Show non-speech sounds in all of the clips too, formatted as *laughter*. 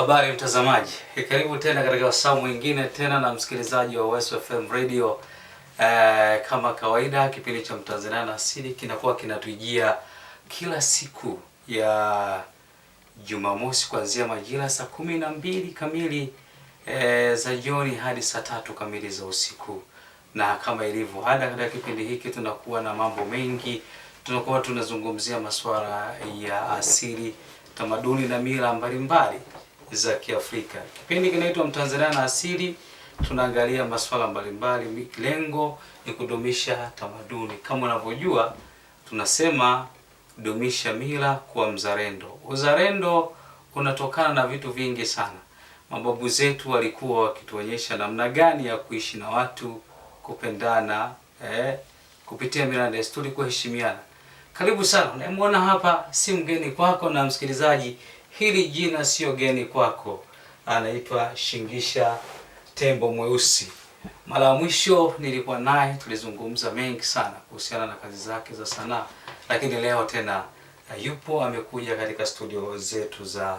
Habari mtazamaji, eh, karibu tena katika wasaa mwingine tena na msikilizaji wa West FM Radio. E, kama kawaida kipindi cha Mtanzania na Asili kinakuwa kinatujia kila siku ya Jumamosi kuanzia majira saa kumi na mbili kamili e, za jioni hadi saa tatu kamili za usiku, na kama ilivyo ada katika kipindi hiki tunakuwa na mambo mengi, tunakuwa tunazungumzia masuala ya asili, tamaduni na mila mbalimbali mbali za Kiafrika. Kipindi kinaitwa Mtanzania na Asili, tunaangalia masuala mbalimbali, lengo ni kudumisha tamaduni. Kama unavyojua, tunasema dumisha mila, kuwa mzalendo. Uzalendo unatokana na vitu vingi sana. Mababu zetu walikuwa wakituonyesha namna gani ya kuishi na watu, kupendana eh, kupitia mila na desturi, kuheshimiana. Karibu sana, unayemwona hapa si mgeni kwako na msikilizaji hili jina sio geni kwako. Anaitwa Shingisha Tembo Mweusi. Mara ya mwisho nilikuwa naye tulizungumza mengi sana kuhusiana na kazi zake za sanaa, lakini leo tena eh, yupo, amekuja katika studio zetu za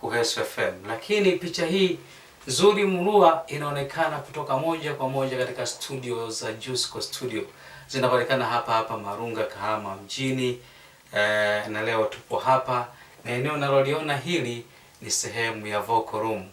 Kuhesu FM. Lakini picha hii nzuri mrua inaonekana kutoka moja kwa moja katika studio za Jusco Studio zinapatikana hapa hapa Marunga, Kahama mjini. E, na leo tupo hapa na eneo unaloliona hili ni sehemu ya vocal room.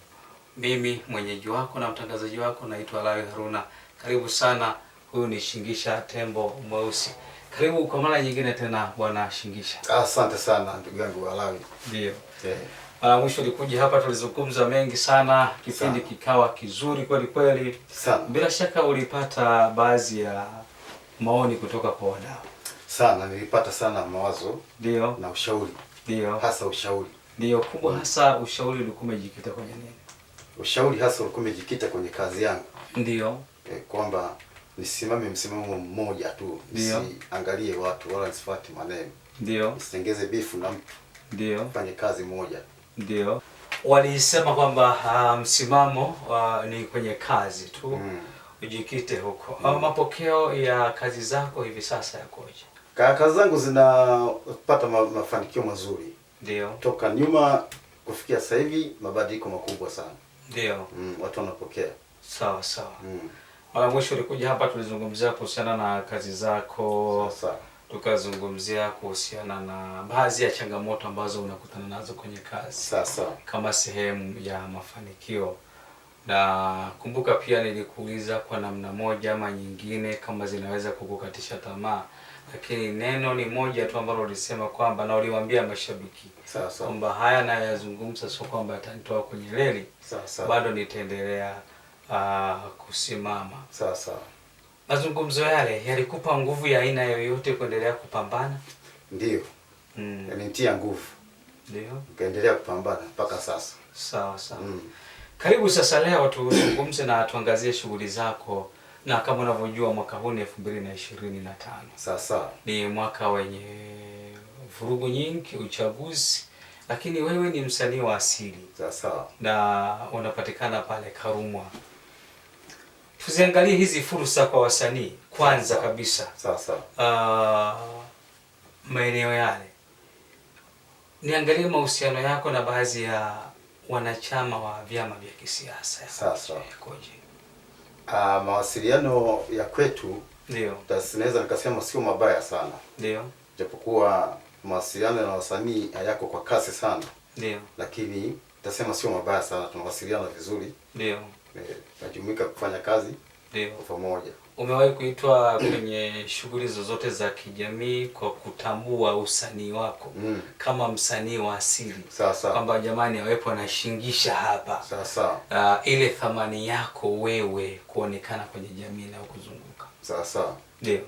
Mimi mwenyeji wako na mtangazaji wako naitwa Lawi Haruna. Karibu sana. Huyu ni Shingisha Tembo Mweusi. Karibu kwa mara nyingine tena bwana Shingisha. Asante sana ndugu yangu Alawi. Ndio. Yeah. Mara mwisho ulikuja hapa tulizungumza mengi sana, kipindi kikawa kizuri kweli kweli. Sana. Bila shaka ulipata baadhi ya maoni kutoka kwa wadau. Sana, nilipata sana mawazo. Ndio. Na ushauri. Ndio. Hasa ushauri. Ndio, kubwa hasa ushauri ulikuwa umejikita kwenye nini? Ushauri hasa ulikuwa umejikita kwenye kazi yangu. Ndio. E, kwamba nisimame msimamo mmoja tu, nisiangalie watu wala nisifuate maneno. Ndio. Nisitengeze bifu na mtu. Ndio. Fanye kazi moja. Ndio. Walisema kwamba uh, msimamo uh, ni kwenye kazi tu. Mm. Ujikite huko. Mm. Mapokeo ya kazi zako hivi sasa yakoje? kazi zangu zinapata mafanikio mazuri ndio toka nyuma kufikia sasa hivi, mabadiliko makubwa sana ndio mm, watu wanapokea sawa sawa. Mm. Mara mwisho ulikuja hapa tulizungumzia kuhusiana na kazi zako tukazungumzia kuhusiana na baadhi ya changamoto ambazo unakutana nazo kwenye kazi sasa, kama sehemu ya mafanikio na kumbuka pia nilikuuliza kwa namna moja ama nyingine kama zinaweza kukukatisha tamaa lakini neno ni moja tu ambalo ulisema kwamba na uliwaambia mashabiki kwamba haya nayazungumza, sio kwamba atanitoa kwenye reli, bado nitaendelea uh, kusimama. Mazungumzo yale yalikupa nguvu ya aina yoyote kuendelea kupambana? Ndiyo, mm. yanitia nguvu, Ndio. nikaendelea kupambana mpaka sasa. Sawa sawa, mm. Karibu sasa, leo tuzungumze na tuangazie shughuli zako na kama unavyojua mwaka huu ni elfu mbili na ishirini na tano. Sasa ni mwaka wenye vurugu nyingi, uchaguzi, lakini wewe ni msanii wa asili. Sasa na unapatikana pale Karumwa. Tuziangalie hizi fursa kwa wasanii kwanza Sasa kabisa. Sasa uh, ah, maeneo yale, niangalie mahusiano yako na baadhi ya wanachama wa vyama vya kisiasa. Sasa Uh, mawasiliano ya kwetu ndio naweza nikasema sio mabaya sana, ndio japokuwa mawasiliano na wasanii hayako kwa kasi sana, ndio lakini tasema sio mabaya sana, tunawasiliana vizuri, ndio tunajumuika eh, kufanya kazi ndio pamoja. Umewahi kuitwa kwenye shughuli zozote za kijamii kwa kutambua usanii wako mm. kama msanii wa asili, kwamba jamani, awepo anashingisha hapa sasa. Uh, ah, ile thamani yako wewe kuonekana kwenye jamii na kuzunguka sasa. Ndio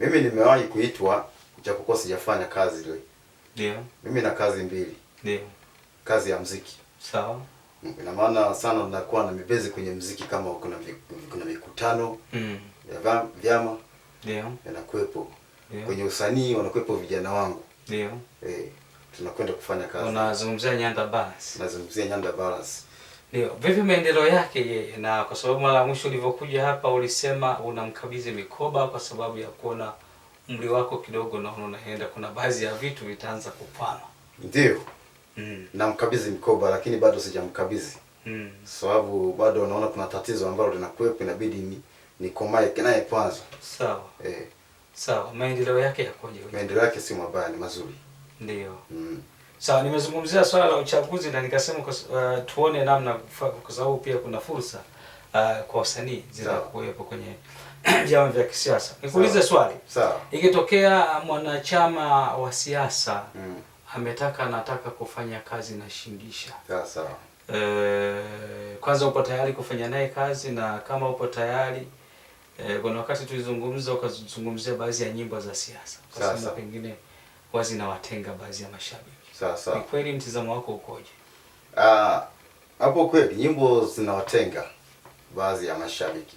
mimi nimewahi kuitwa, japokuwa sijafanya kazi ile. Ndio mimi na kazi mbili. Ndio kazi ya mziki sawa mm, ina maana sana nakuwa na mibezi kwenye mziki kama kuna mikutano mm ya vyama ndio yanakuwepo kwenye usanii, wanakuwepo vijana wangu ndio eh, tunakwenda kufanya kazi. Unazungumzia Nyanda Balance, nazungumzia Nyanda Balance ndio. Vipi maendeleo yake yeye? Na kwa sababu mara mwisho ulivyokuja hapa ulisema unamkabidhi mikoba kwa sababu ya kuona umri wako kidogo na unaenda, kuna baadhi ya vitu vitaanza kupana. Ndio mm. namkabidhi mikoba, lakini bado sijamkabidhi mm. sababu bado naona kuna tatizo ambalo linakuwepo, inabidi ni nikomae naye kwanza. Sawa. Eh. Sawa, maendeleo yake yakoje? Maendeleo yake si mabaya, ni mazuri. Ndio. Mm. Sawa, nimezungumzia swala la uchaguzi na nikasema uh, tuone namna kwa sababu pia kuna fursa uh, kwa wasanii zinakuwepo kwenye *clears throat* vyama vya kisiasa. Nikuulize swali. Sawa. Ikitokea mwanachama wa siasa mm. ametaka anataka kufanya kazi na Shingisha. Sawa sawa. Eh, kwanza upo tayari kufanya naye kazi na kama upo tayari Eh, kuna wakati tulizungumza ukazungumzia baadhi ya nyimbo za siasa, ukasema pengine huwa zinawatenga baadhi ya mashabiki. Sasa ni kweli, mtizamo wako ukoje? Ah, hapo kweli nyimbo zinawatenga baadhi ya mashabiki,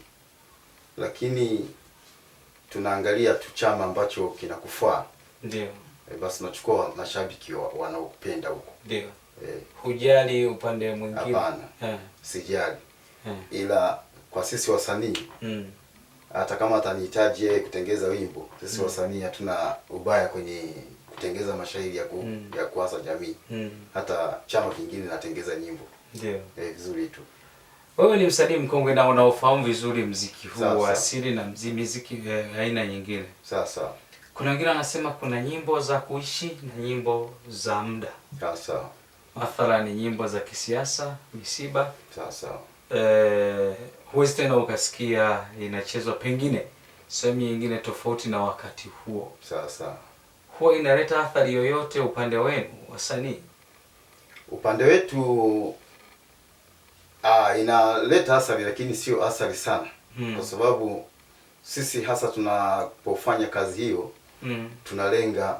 lakini tunaangalia tu chama ambacho kinakufaa ndio e, basi tunachukua mashabiki wanaopenda huko ndio Eh, Hujali upande mwingine? Hapana, eh. sijali e. Ila kwa sisi wasanii mm hata kama atanihitaji yeye kutengeza wimbo, sisi wasanii hatuna ubaya kwenye kutengeza mashairi ya ku, mm. ya kuasa jamii mm. hata chama kingine natengeza nyimbo ndio yeah. vizuri tu. Wewe ni msanii mkongwe na unaofahamu vizuri mziki huu wa asili na mziki mziki e, aina nyingine. Sawa sawa. kuna wengine wanasema kuna nyimbo za kuishi na nyimbo za muda. Sasa ni nyimbo za kisiasa, misiba. sawa. eh huwezi tena ukasikia inachezwa pengine sehemu nyingine tofauti na wakati huo. Sasa huwa inaleta athari yoyote upande wenu wasanii? Upande wetu aa, ah, inaleta athari lakini sio athari sana hmm. Kwa sababu sisi hasa tunapofanya kazi hiyo hmm. tunalenga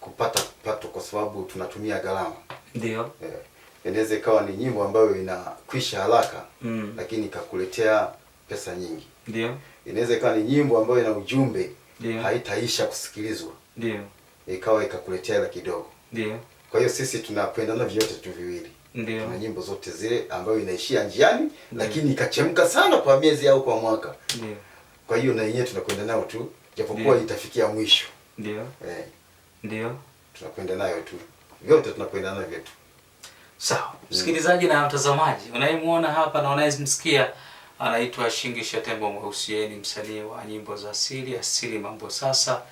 kupata pato kwa sababu tunatumia gharama ndio, yeah inaweza ikawa ni nyimbo ambayo inakwisha haraka mm. lakini ikakuletea pesa nyingi. Ndio. Inaweza ikawa ni nyimbo ambayo ina ujumbe Ndio. haitaisha kusikilizwa. Ndio. Ikawa ikakuletea hela kidogo. Ndio. Kwa hiyo sisi tunapendana vyote tu viwili. Ndio. Na nyimbo zote zile ambayo inaishia njiani Ndio. lakini ikachemka sana kwa miezi au kwa mwaka. Ndio. Kwa hiyo na yenyewe tunakwenda nayo tu japokuwa itafikia mwisho. Ndio. Eh. Ndio. Tunakwenda nayo tu. Vyote tunakwenda navyo tu. Sawa mm. msikilizaji na mtazamaji, unayemwona hapa na unayemsikia anaitwa Shingisha Tembo Mweusi. ni msanii wa nyimbo za asili, asili mambo sasa.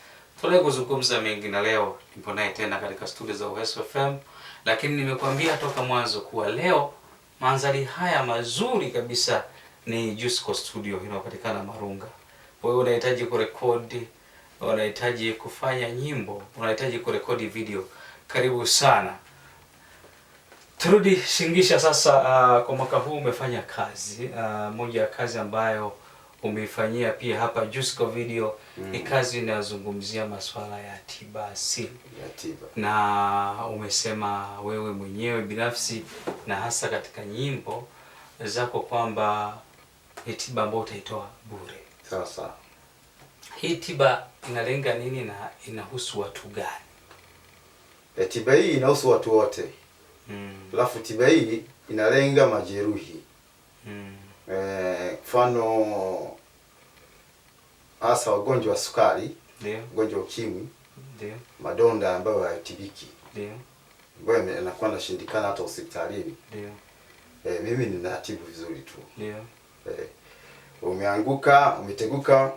Tunaye kuzungumza mengi na leo nipo naye tena katika studio za Uwezo FM, lakini nimekuambia toka mwanzo kuwa leo mandhari haya mazuri kabisa ni Jusco Studio inayopatikana Marunga. Wewe unahitaji kurekodi, unahitaji kufanya nyimbo, unahitaji kurekodi video, karibu sana Turudi Shingisha sasa. Uh, kwa mwaka huu umefanya kazi uh, moja ya kazi ambayo umeifanyia pia hapa Jusco Video mm. ni kazi inayozungumzia masuala ya tiba asili ya tiba, na umesema wewe mwenyewe binafsi na hasa katika nyimbo zako kwamba ni tiba ambayo utaitoa bure. Sasa hii tiba inalenga nini na inahusu watu gani? Eh, tiba hii inahusu watu wote Alafu hmm. tiba hii inalenga majeruhi hmm. eh, mfano hasa wagonjwa wa sukari, ugonjwa wa ukimwi, madonda ambayo hayatibiki ambayo yanakuwa nashindikana hata hospitalini. E, mimi ninatibu vizuri tu e, umeanguka umeteguka,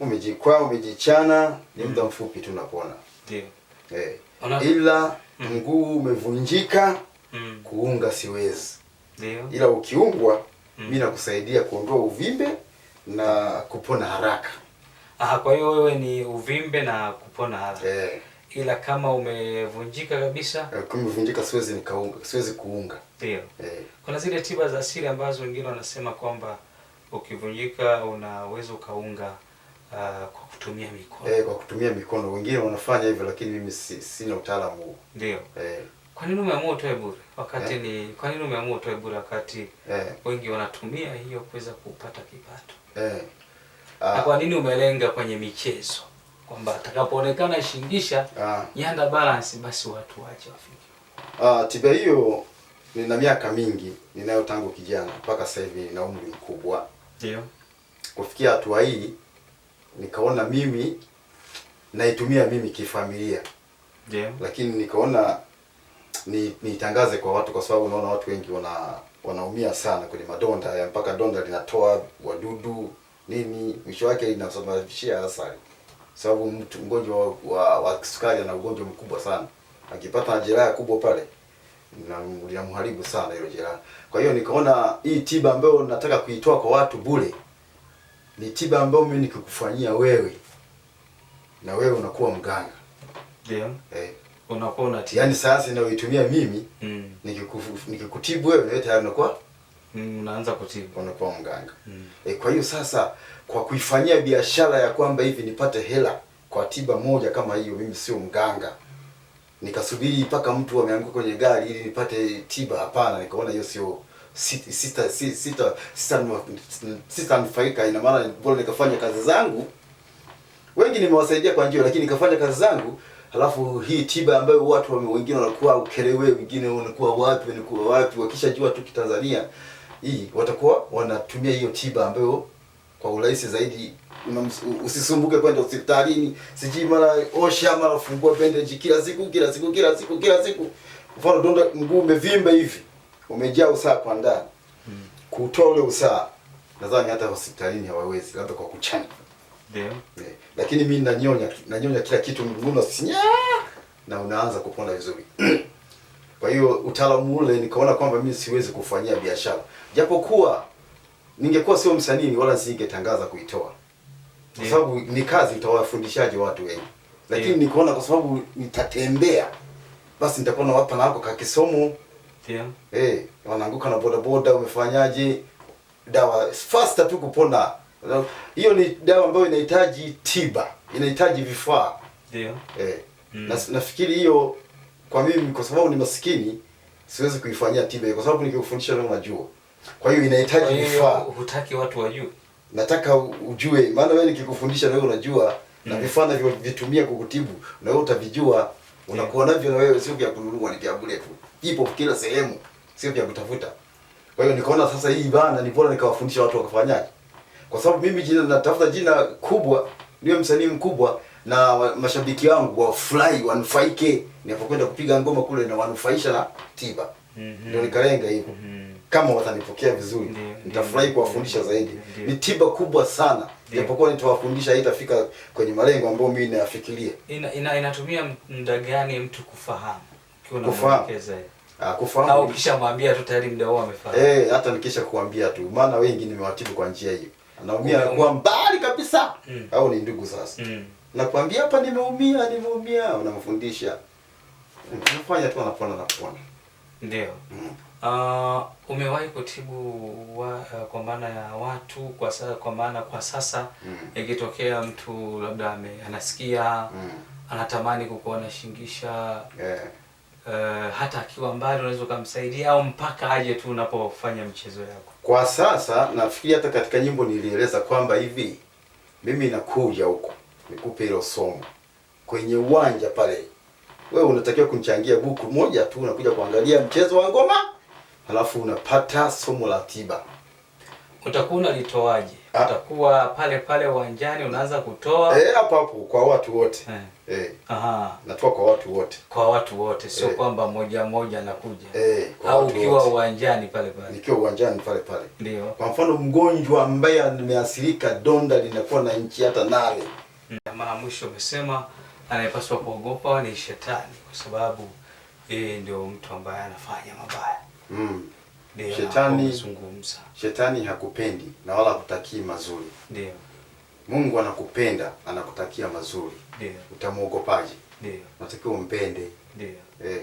umejikwaa umejichana, ni muda hmm. mfupi tu unapona. E ila mm. mguu umevunjika mm. kuunga siwezi Deo. ila ukiungwa mm. mi nakusaidia kuondoa uvimbe na kupona haraka. Aha, kwa hiyo wewe ni uvimbe na kupona haraka yeah. Ila kama umevunjika kabisa, eh, kama umevunjika siwezi nikaunga, siwezi kuunga. Ndio eh. Kuna zile tiba za asili ambazo wengine wanasema kwamba ukivunjika unaweza ukaunga Ah, kwa kutumia mikono. Eh, kwa kutumia mikono. Wengine wanafanya hivyo lakini mimi si, sina utaalamu huo. Ndio. Eh. Kwa nini umeamua utoe bure? Wakati eh, ni kwa nini umeamua utoe bure wakati eh, wengi wanatumia hiyo kuweza kupata kipato? Eh. Ah. Na kwa nini umelenga kwenye michezo? Kwamba atakapoonekana shingisha ah, Yanda balance basi watu waache wafike. Ah, tiba hiyo nina miaka mingi ninayo tangu kijana mpaka sasa hivi na umri mkubwa. Ndio. Kufikia hatua hii nikaona mimi naitumia mimi kifamilia yeah. Lakini nikaona ni nitangaze kwa watu, kwa sababu naona watu wengi wana wanaumia sana kwenye madonda ya mpaka donda linatoa wadudu nini, mwisho wake inasababishia hasara, sababu mtu mgonjwa wa, wa kisukari ana ugonjwa mkubwa sana, akipata jeraha kubwa pale linamharibu sana hilo jeraha. Kwa hiyo nikaona hii tiba ambayo nataka kuitoa kwa watu bure ni tiba ambayo mimi nikikufanyia wewe na wewe unakuwa mganga. Ndio. Eh. Unakuwa tiba. Yaani sasa inayoitumia mimi mm. nikikutibu wewe wewe tayari unakuwa mm, unaanza kutibu unakuwa mganga. Mm. Eh, kwa hiyo sasa kwa kuifanyia biashara ya kwamba hivi nipate hela kwa tiba moja kama hiyo, mimi sio mganga. Nikasubiri mpaka mtu ameanguka kwenye gari ili nipate tiba? Hapana, nikaona hiyo sio sita sita sita sitanufaika, ina maana bora nikafanya kazi zangu. Wengi nimewasaidia kwa njia, lakini nikafanya kazi zangu, halafu hii tiba ambayo watu wengine wanakuwa Ukerewe, wengine wanakuwa wapi, wanakuwa wapi, wakishajua tu Kitanzania hii watakuwa wanatumia hiyo tiba ambayo kwa urahisi zaidi. Usisumbuke kwenda hospitalini, sijui mara osha, mara fungua bendeji, kila siku kila siku kila siku kila siku. Mfano donda mguu umevimba hivi umejaa usaa kwa ndani mm. kutoa ule usaa nadhani hata hospitalini hawawezi, labda kwa kuchana yeah. yeah. Lakini mi nanyonya nanyonya kila kitu mguno sinya na unaanza kupona vizuri *clears throat* kwa hiyo utaalamu ule nikaona kwamba mi siwezi kufanyia biashara, japokuwa ningekuwa sio msanii wala singetangaza kuitoa kwa sababu yeah. ni kazi itawafundishaje watu wengi, lakini yeah. nikaona kwa sababu nitatembea basi nitakuwa nawapa na wako kakisomo ndio. Eh, wanaanguka na boda boda, umefanyaje? Dawa faster tu kupona. Hiyo ni dawa ambayo inahitaji tiba, inahitaji vifaa. Ndio. Eh. Mm. Na, nafikiri hiyo kwa mimi kwa sababu ni maskini siwezi kuifanyia tiba kwa sababu nikikufundisha leo unajua. Kwa hiyo inahitaji vifaa. Hutaki watu wajue. Nataka ujue maana wewe nikikufundisha leo unajua mm. na vifaa na vitumia kukutibu na wewe utavijua Unakuwa navyo na wewe, sio vya kununua, ni vya bure tu, ipo kila sehemu, sio vya kutafuta. Kwa hiyo nikaona sasa hii bana, ni bora nikawafundisha watu wakafanyaje, kwa sababu mimi jina natafuta jina kubwa, niwe msanii mkubwa, na mashabiki wangu fly wanufaike ninapokwenda kupiga ngoma kule, na wanufaisha na Tiba. Ndio mm -hmm. nikalenga hivyo mm -hmm kama watanipokea vizuri nitafurahi kuwafundisha zaidi. Ni tiba kubwa sana, japokuwa nitawafundisha itafika kwenye malengo ambayo mimi nayafikiria. Ina, ina, inatumia muda gani mtu kufahamu kufahamu ah, kufahamu au ukishamwambia tu tayari muda huo amefahamu? Eh, hey, hata nikisha kuambia tu, maana wengi nimewatibu kwa njia hiyo, anaumia um, kwa mbali kabisa mm. au ni ndugu sasa mm. nakwambia hapa, nimeumia nimeumia, unamfundisha unafanya tu, anapona na anapona. Ndio. Uh, umewahi kutibu wa, uh, kwa maana ya watu kwa sasa, kwa maana kwa sasa mm. ikitokea mtu labda ame, anasikia mm. anatamani kukuona shingisha yeah. Uh, hata akiwa mbali unaweza ukamsaidia au mpaka aje tu unapofanya mchezo yako? Kwa sasa nafikiri hata katika nyimbo nilieleza kwamba hivi mimi nakuja huko nikupe hilo somo kwenye uwanja pale wewe unatakiwa kunichangia buku moja tu, unakuja kuangalia mchezo wa ngoma halafu unapata somo la tiba. Utakuwa unalitoaje? Ah. Utakuwa pale pale uwanjani unaanza kutoa eh, hapo hapo kwa watu wote eh. Eh. Aha, natoa kwa watu wote, kwa watu wote, sio eh, kwamba moja moja nakuja eh, au ukiwa uwanjani pale pale, nikiwa uwanjani pale pale. Ndio, kwa mfano mgonjwa ambaye ameathirika, donda linakuwa na inchi hata nane. Mara mwisho umesema anayepaswa kuogopa ni shetani, kwa sababu yeye ndio mtu ambaye anafanya mabaya mm. Deo, shetani, shetani hakupendi na wala hakutakii mazuri. Ndio Mungu anakupenda, anakutakia mazuri. Ndio Utamuogopaje? Ndio unatakiwa umpende. Ndio eh,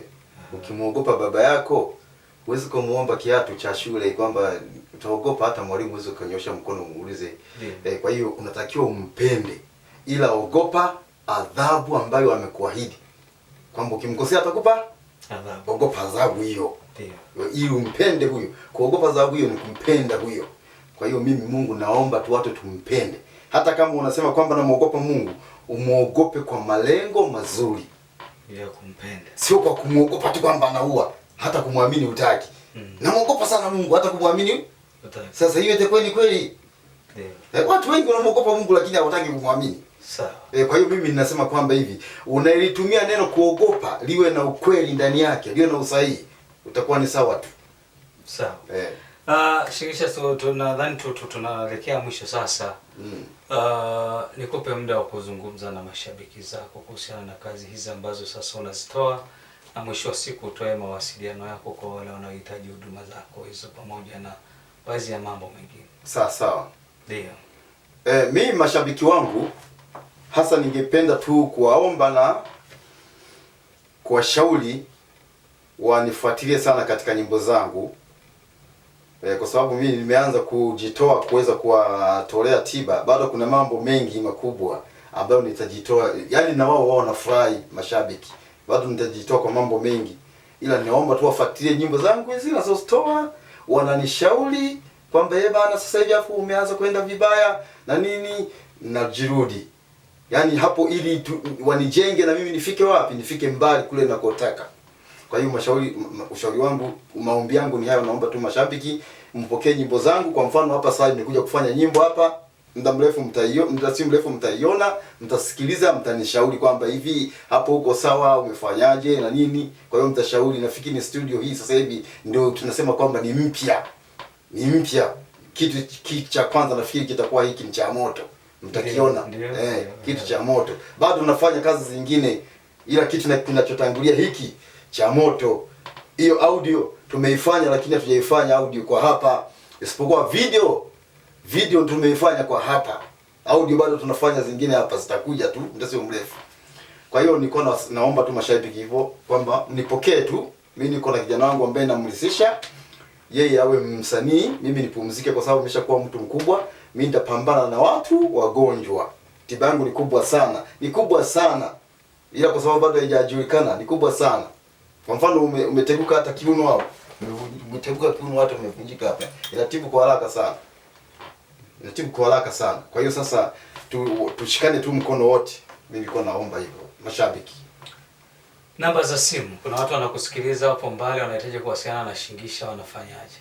Ukimuogopa baba yako huwezi kumuomba kiatu cha shule kwamba utaogopa, hata mwalimu huwezi kunyosha mkono muulize. Eh, kwa hiyo unatakiwa umpende, ila ogopa adhabu ambayo amekuahidi kwamba ukimkosea atakupa adhabu. Ogopa adhabu hiyo, ili umpende huyo. Kuogopa adhabu hiyo ni kumpenda huyo. Kwa hiyo mimi, Mungu naomba tu watu tumpende, hata kama unasema kwamba namwogopa Mungu, umwogope kwa malengo mazuri ya kumpenda, sio kwa kumwogopa tu kwamba anaua, hata kumwamini utaki. Mm. Namwogopa sana Mungu, hata kumwamini utaki. Sasa hiyo itakuwa ni kweli? Ndio. Eh, watu wengi wanamwogopa Mungu lakini hawataki kumwamini. Sawa. E, kwa hiyo mimi ninasema kwamba hivi unalitumia neno kuogopa liwe na ukweli ndani yake, liwe na usahihi, utakuwa ni sawa tu. Sawa. Eh. Ah, shirisha so, tunadhani tu tunaelekea mwisho sasa. Mm. Ah, nikupe muda wa kuzungumza na mashabiki zako kuhusiana na kazi hizi ambazo sasa unazitoa na mwisho wa siku utoe mawasiliano yako kwa wale wanaohitaji huduma zako hizo pamoja na baadhi ya mambo mengine. Sawa sawa. Ndio. Eh, mimi mashabiki wangu hasa ningependa tu kuwaomba na kuwashauri wanifuatilie sana katika nyimbo zangu e, kwa sababu mimi nimeanza kujitoa kuweza kuwatolea tiba. Bado kuna mambo mengi makubwa ambayo nitajitoa, yaani na wao wao wanafurahi mashabiki, bado nitajitoa kwa mambo mengi, ila ninaomba tu wafuatilie nyimbo zangu hizi nazozitoa, wananishauri kwamba yeye eh, bana, sasa hivi afu umeanza kwenda vibaya na nini, najirudi yani hapo, ili tu, wanijenge na mimi nifike wapi? Nifike mbali kule nakotaka. Kwa hiyo mashauri, ushauri wangu, maombi yangu ni hayo. Naomba tu mashabiki mpokee nyimbo zangu. Kwa mfano hapa sasa nimekuja kufanya nyimbo hapa muda mrefu mtaiona, muda si mrefu mtaiona, mtasikiliza, mtanishauri kwamba hivi hapo uko sawa, umefanyaje na nini. Kwa hiyo mtashauri. Nafikiri ni studio hii sasa hivi ndio tunasema kwamba ni mpya, ni mpya. Kitu cha kwanza nafikiri kitakuwa hiki ni cha moto mtakiona eh, kitu cha moto. Bado unafanya kazi zingine, ila kitu kinachotangulia hiki cha moto. Hiyo audio tumeifanya, lakini hatujaifanya audio kwa hapa, isipokuwa video. Video tumeifanya kwa hapa, audio bado tunafanya zingine hapa, zitakuja tu ndio, sio mrefu. Kwa hiyo niko na, naomba tu mashabiki hivyo kwamba nipokee tu. Mimi niko na kijana wangu ambaye namlisisha yeye awe msanii, mimi nipumzike, kwa sababu nimeshakuwa mtu mkubwa mimi nitapambana na watu wagonjwa. Tiba yangu ni kubwa sana, ni kubwa sana, ila kwa sababu bado haijajulikana ni kubwa sana. Kwa mfano ume, umeteguka hata kiuno hapo, umeteguka kiuno watu wamevunjika hapa, inatibu kwa haraka sana, inatibu kwa haraka sana. Kwa hiyo sasa tu, tushikane tu mkono wote, mimi kwa naomba hivyo mashabiki namba za simu. Kuna watu wanakusikiliza hapo mbali, wanahitaji kuwasiliana na Shingisha, wanafanyaje?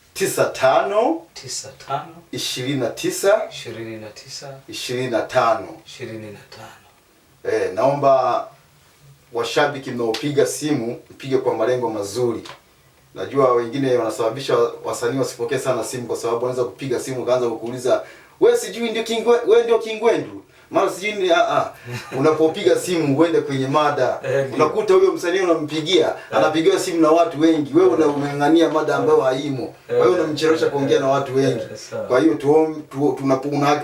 tisa tano tisa tano ishirini na tisa ishirini na tisa ishirini na tano ishirini na tano. E, naomba washabiki mnaopiga simu mpige kwa malengo mazuri. Najua wengine wanasababisha wasanii wasipokee sana simu, kwa sababu wanaweza kupiga simu kaanza kukuuliza wewe, sijui ndio kingwe, wewe ndio kingwendu mara sijui a a ah, ah. unapopiga simu uende kwenye mada eh, unakuta huyo msanii unampigia eh. anapigiwa simu na watu wengi, wewe unamng'ang'ania eh. mada ambayo haimo, kwa hiyo unamchelewesha kuongea na watu wengi. Kwa hiyo tu,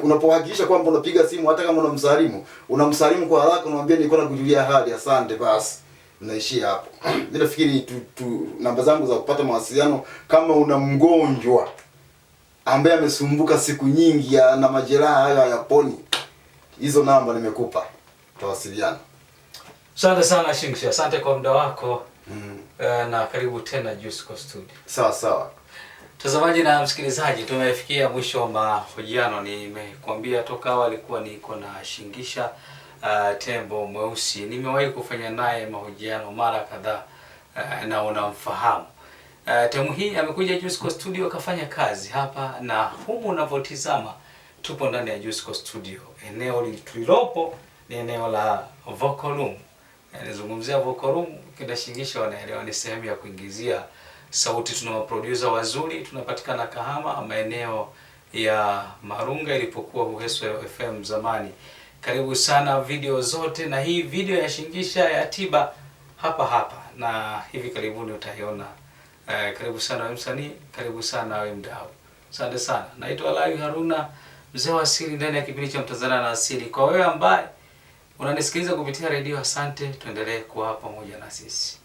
unapohakikisha kwamba unapiga simu hata kama unamsalimu unamsalimu kwa haraka, unamwambia nilikuwa nakujulia hali, asante, basi naishia hapo. *clears throat* Mimi nafikiri tu, tu namba zangu za kupata mawasiliano, kama una mgonjwa ambaye amesumbuka siku nyingi na majeraha hayo hayaponi hizo namba nimekupa, tawasiliana. Asante sana Shingshu, asante kwa muda wako mm. Eh, na karibu tena Jusco Studio. Sawa sawa. Mtazamaji na msikilizaji, tumefikia mwisho wa mahojiano. Nimekuambia toka awali kuwa niko na Shingisha uh, tembo mweusi. Nimewahi kufanya naye mahojiano mara kadhaa uh, na unamfahamu uh, temu hii amekuja Jusco Studio akafanya kazi hapa, na humu unavyotizama tupo ndani ya Jusco Studio eneo tulilopo ni eneo la vocal room. Nazungumzia vocal room, wanaelewa ni sehemu ya kuingizia sauti. Tuna maproducer wazuri, tunapatikana Kahama, maeneo ya Marunga ilipokuwa Uheso FM zamani. Karibu sana video zote, na hii video ya shingisha ya tiba hapa hapa, na hivi karibuni utaiona. Eh, karibu sana msanii, karibu sana wewe mdau. Asante sana, naitwa Lai Haruna. Mzee wa Asili ndani ya kipindi cha Mtanzania na Asili. Kwa wewe ambaye unanisikiliza kupitia redio, asante, tuendelee kuwa pamoja na sisi.